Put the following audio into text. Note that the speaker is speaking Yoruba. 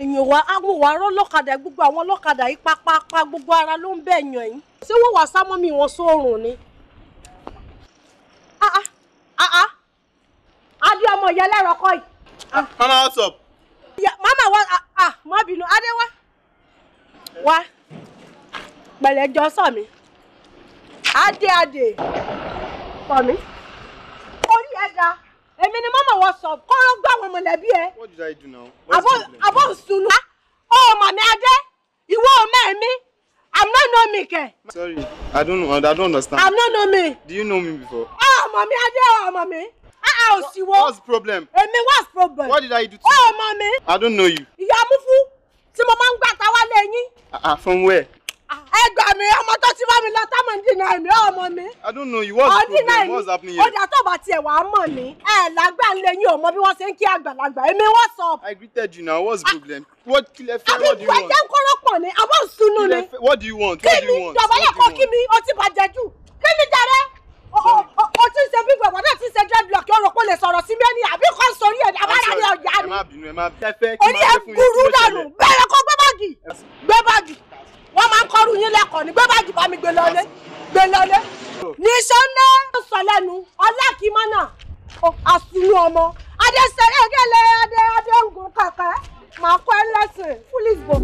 èèyàn wa àwọn òwà rán lọ́kadà gbogbo àwọn lọ́kadà yìí pápápá gbogbo ara ló ń bẹ̀ yàn yín ṣé wọ́n wà sá mọ́mí wọn sóòrùn ni. ah ah ah, ah. adé ọmọ ìyá ẹlẹ́rọ kọ́ yìí. Ah. mama what's up. mama wa ah, ah má bínú adé wa wa pẹ̀lẹ́ jọ sọ mi adé adé sọ mi orí ẹ̀ dá èmi ni mama wọ sọ kọ́rọ́ gbọ́ àwọn mọ̀lẹ́bí ẹ. what did I do now? what's the problem? me? I'm not know me, ke. Sorry, I don't know. I don't understand. I'm not know me. Do you know me before? Oh, mommy, I don't oh, know, mommy. Ah, ah, see what? What's the problem? Eh, what's the problem? What did I do to oh, you? Oh, mommy. I don't know you. Ìyá Mufu, tí mo máa ń gbà ta wá lẹ́yìn. Ah, ah, from where? ẹ gbà ọmọ tó ti bá mi lọ táwọn ń dínà èmi ọmọ mi. I don't know you what's problem what's happening here. ọjà tó bá tiẹ̀ wàá mọ̀ mí ẹ làgbà ńlẹ̀ yín ò mọ bí wọ́n ṣe ń kí àgbàlagbà èmi what's up. I greeted you now what's the problem. what kílẹ̀ fẹ́ what do you want. àbí ìwé jẹ́ kọ́rọ́pọ̀ ni àbọ̀ sunu ni. what do you want what do you want. kí ni dọ̀bálẹ̀ kọ́ kí mi o ti bàjẹ́ jù kí ni jàre o ti ṣe bí gbọ̀ngàn náà ti ṣe dreadlock ọ̀rọ̀ kó lè sọ̀rọ̀ sí mi ẹ̀ ni ọ̀yá ni orí ẹ̀ ni gbé báàgì bá mi gbé lọlé gbé lọlé. níṣẹ́ ńlẹ́ sọ lẹ́nu ọlákìímọ́ náà àsùnú ọmọ adẹ́sẹ̀rẹ́ adé adé ń gun kàkẹ́ màá kọ́ ẹ lẹ́sìn fúlìsì bò.